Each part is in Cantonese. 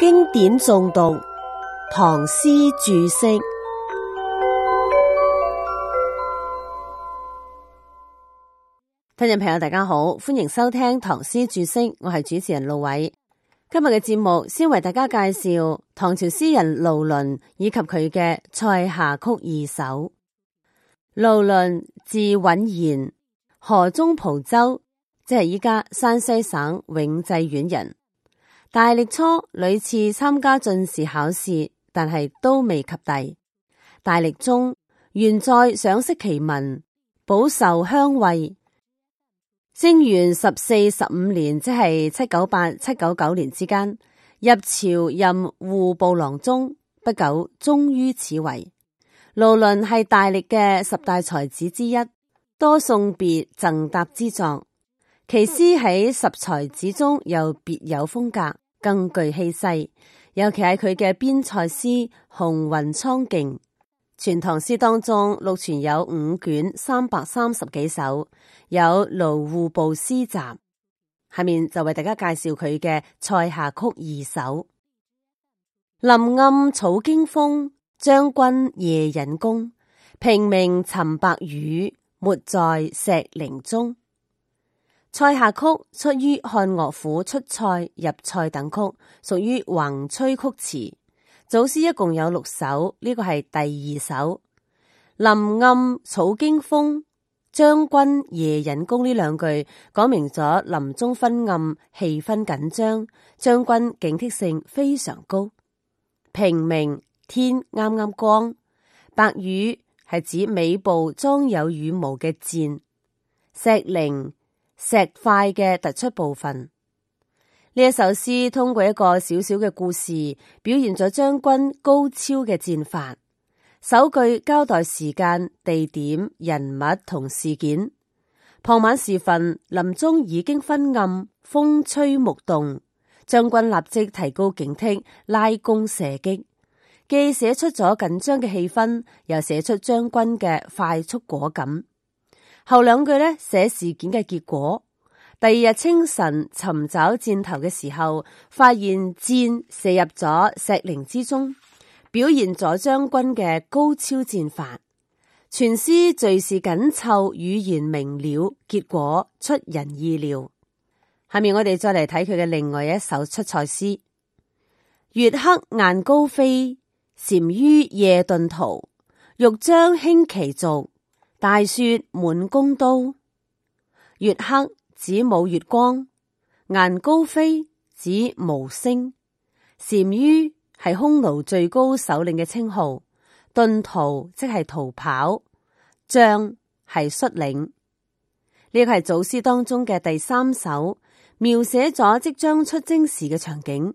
經典誦讀，唐詩注釋。聽眾朋友，大家好，歡迎收聽唐詩注釋，我係主持人路偉。今日嘅節目先為大家介紹唐朝詩人盧綸以及佢嘅《塞下曲二首》倫。盧綸字允言，河中蒲州，即係依家山西省永濟縣人。大歷初屢次參加進士考試，但係都未及第。大歷中，原在賞識其文，飽受鄉尉。貞元十四、十五年，即係七九八、七九九年之間，入朝任戶部郎中，不久終於此位。盧綸係大歷嘅十大才子之一，多送別贈答之作。其詩喺十才子中又別有風格，更具氣勢。尤其係佢嘅邊塞詩，雄渾蒼勁。全唐詩當中錄存有五卷三百三十幾首，有《盧戶部詩集》。下面就為大家介紹佢嘅《塞下曲二首》：林暗草驚風，將軍夜引弓。平明尋白羽，沒在石棱中。塞下曲出於漢樂府，出塞、入塞等曲屬於橫吹曲詞，組詩一共有六首，呢個係第二首。林暗草驚風，將軍夜引弓。呢兩句講明咗林中昏暗，氣氛緊張，將軍警惕性非常高。平明天啱啱光，白羽係指尾部裝有羽毛嘅箭，石靈。石塊嘅突出部分，呢一首詩通過一個小小嘅故事，表現咗將軍高超嘅戰法。首句交代時間、地點、人物同事件。傍晚時分，林中已經昏暗，風吹木動，將軍立即提高警惕，拉弓射擊，既寫出咗緊張嘅氣氛，又寫出將軍嘅快速果敢。後兩句呢，寫事件嘅結果。第二日清晨尋找箭頭嘅時候，發現箭射入咗石棱之中，表現咗將軍嘅高超箭法。全詩敘事緊湊，語言明了，結果出人意料。下面我哋再嚟睇佢嘅另外一首出塞詩：月黑雁高飛，單于夜遁逃，欲將輕騎逐。大雪滿弓刀，月黑指冇月光，雁高飛指冇聲。單于係匈奴最高首領嘅稱號，遁逃，即係逃跑，將係率領。呢個係組詩當中嘅第三首，描寫咗即將出征時嘅場景。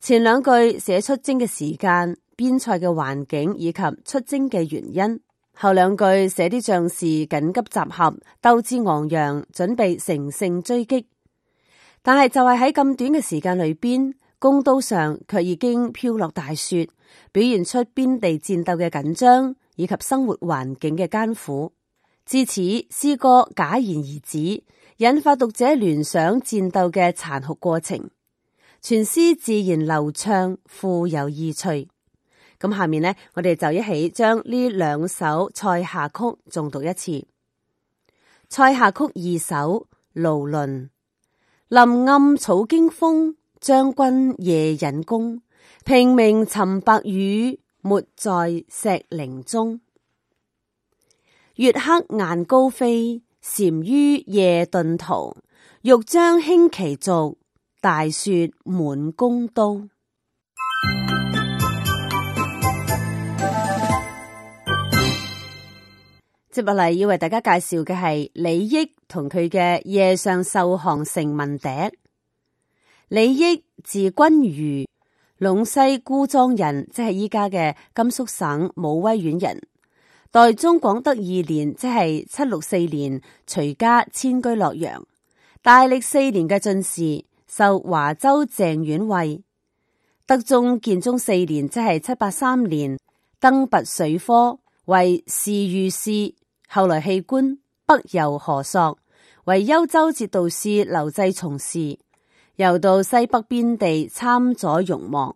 前兩句寫出征嘅時間、邊塞嘅環境以及出征嘅原因。後兩句寫啲將士緊急集合，鬥志昂揚，準備乘勝追擊。但係就係喺咁短嘅時間裏邊，弓刀上卻已經飄落大雪，表現出邊地戰鬥嘅緊張以及生活環境嘅艱苦。至此，詩歌戛然而止，引發讀者聯想戰鬥嘅殘酷過程。全詩自然流暢，富有意趣。咁下面呢，我哋就一起將呢兩首《塞下曲》重讀一次。《塞下曲二首》盧綸：林暗草驚風，將軍夜引弓。平明尋白羽，沒在石棱中。月黑雁高飛，單于夜遁逃。欲將輕騎逐，大雪滿弓刀。接落嚟要為大家介紹嘅係李益同佢嘅夜上受降城聞笛。李益字君虞，隴西姑臧人，即係依家嘅甘肅省武威縣人。代宗廣德二年，即係七六四年，隨家遷居洛陽。大歷四年嘅進士，受華州鄭縣尉。德宗建中四年，即係七八三年，登拔水科，為侍御史。後來棄官，北遊河朔，為幽州節度使劉濟從事，又到西北邊地參佐容望。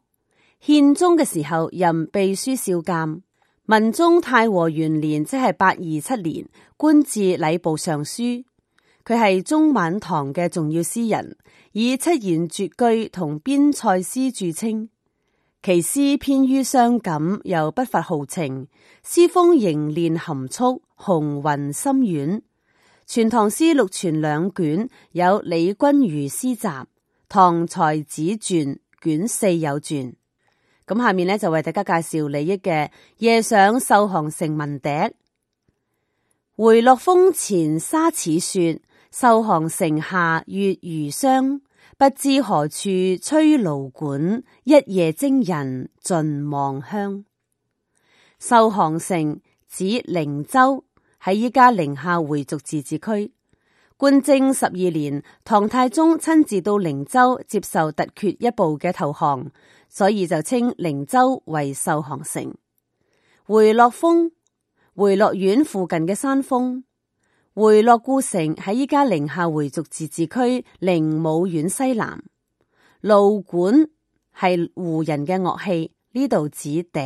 憲宗嘅時候任秘書少監，文宗太和元年即係八二七年，官至禮部尚書。佢係中晚唐嘅重要詩人，以七言絕句同邊塞詩著稱。其詩偏於傷感，又不乏豪情，詩風凝練含蓄，雄渾深遠。全唐詩六全兩卷有李君虞詩集，《唐才子傳》卷四有傳。咁下面呢，就為大家介紹李益嘅《夜上受降城聞笛》：回樂峰前沙似雪，受降城下月如霜。不知何處吹蘆管，一夜征人盡望鄉。受降城指靈州，喺依家寧夏回族自治區。貞觀十二年，唐太宗親自到靈州接受突厥一部嘅投降，所以就稱靈州為受降城。回樂峰，回樂縣附近嘅山峰。回樂故城喺依家寧夏回族自治區靈武縣西南。蘆管係胡人嘅樂器，呢度指笛。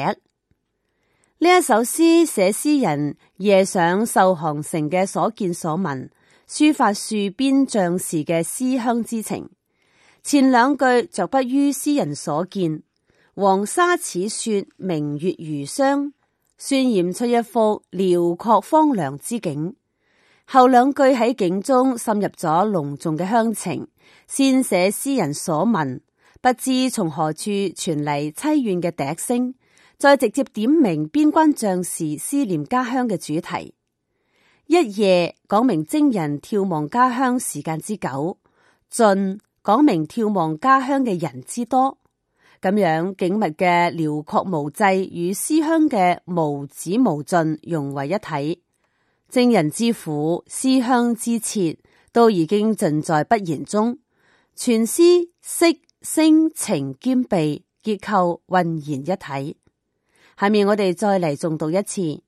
呢一首詩寫詩人夜上受降城嘅所見所聞，抒發戍邊將士嘅思鄉之情。前兩句着筆於詩人所見，黃沙似雪，明月如霜，渲染出一幅遼闊荒涼之景。後兩句喺景中滲入咗濃重嘅鄉情，先寫詩人所聞，不知從何處傳嚟凄怨嘅笛聲，再直接點明邊關將士思念家鄉嘅主題。一夜講明征人眺望家鄉時間之久，盡講明眺望家鄉嘅人之多，咁樣景物嘅遼闊無際與思鄉嘅無止無盡融為一體。.征人之苦，思鄉之切，都已經盡在不言中。全詩色聲情兼備，結構渾然一體。下面我哋再嚟誦讀一次《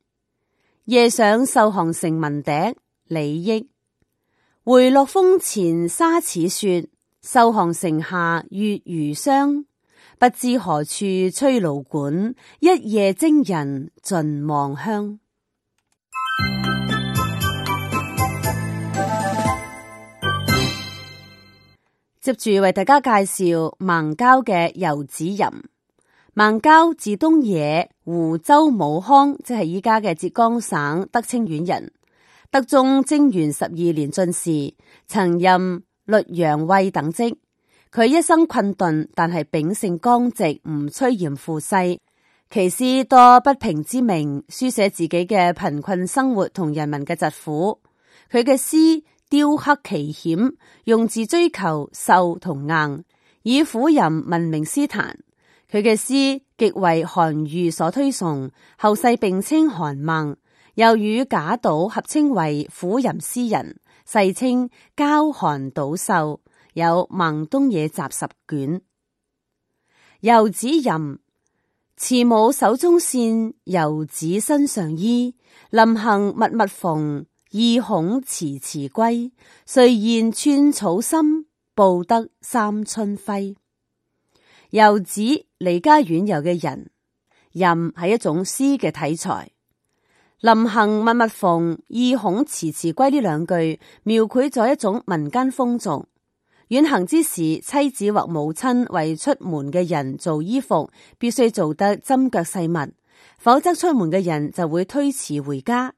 夜上受降城聞笛》。李益回樂峰前沙似雪，受降城下月如霜。不知何處吹蘆管，一夜征人盡望鄉。接住為大家介紹孟郊嘅遊子吟。孟郊字東野，湖州武康，即係依家嘅浙江省德清縣人。德宗貞元十二年進士，曾任溧陽尉等職。佢一生困頓，但係秉性剛直，唔趨炎附勢。其詩多不平之鳴，書寫自己嘅貧困生活同人民嘅疾苦。佢嘅詩。雕刻奇險，用字追求瘦同硬，以苦吟聞名詩壇。佢嘅詩極為韓愈所推崇，後世並稱韓孟，又與賈島合稱為苦吟詩人，世稱“郊寒島瘦”。有《孟東野集》十卷。游子吟：慈母手中線，游子身上衣。臨行密密縫。意恐遲遲歸，誰言寸草心，報得三春暉。游子離家遠遊嘅人，任係一種詩嘅題材。臨行密密縫，意恐遲遲歸呢兩句描繪咗一種民間風俗。遠行之時，妻子或母親為出門嘅人做衣服，必須做得針腳細密，否則出門嘅人就會推遲回家。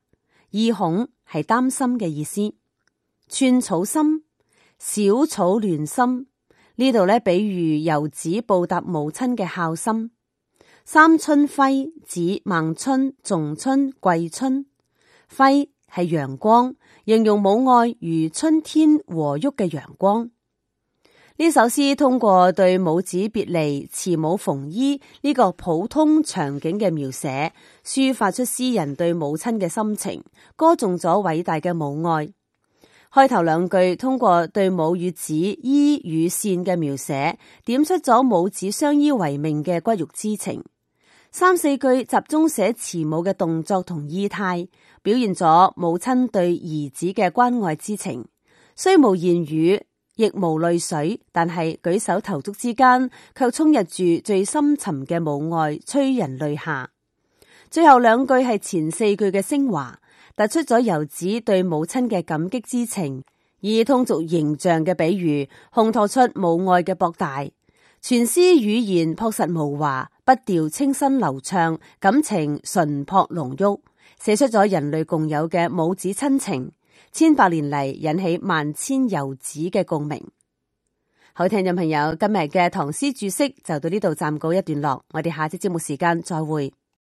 意恐。係擔心嘅意思，寸草心，小草連心。呢度咧，比喻游子報答母親嘅孝心。三春暉指孟春、仲春、季春，暉係陽光，形容母愛如春天和煦嘅陽光。呢首詩通過對母子別離、慈母縫衣呢、這個普通場景嘅描寫，抒發出詩人對母親嘅心情，歌頌咗偉大嘅母愛。開頭兩句通過對母與子、衣與線嘅描寫，點出咗母子相依為命嘅骨肉之情。三四句集中寫慈母嘅動作同意態，表現咗母親對兒子嘅關愛之情。雖無言語，亦無淚水，但係舉手投足之間，卻充溢住最深沉嘅母愛，催人淚下。最後兩句係前四句嘅升華，突出咗遊子對母親嘅感激之情，以通俗形象嘅比喻，烘托出母愛嘅博大。全詩語言朴實無華，筆調清新流暢，感情純朴濃郁，寫出咗人類共有嘅母子親情。千百年嚟引起萬千游子嘅共鳴。好，聽眾朋友，今日嘅唐詩注釋就到呢度暫告一段落。我哋下次節目時間再會。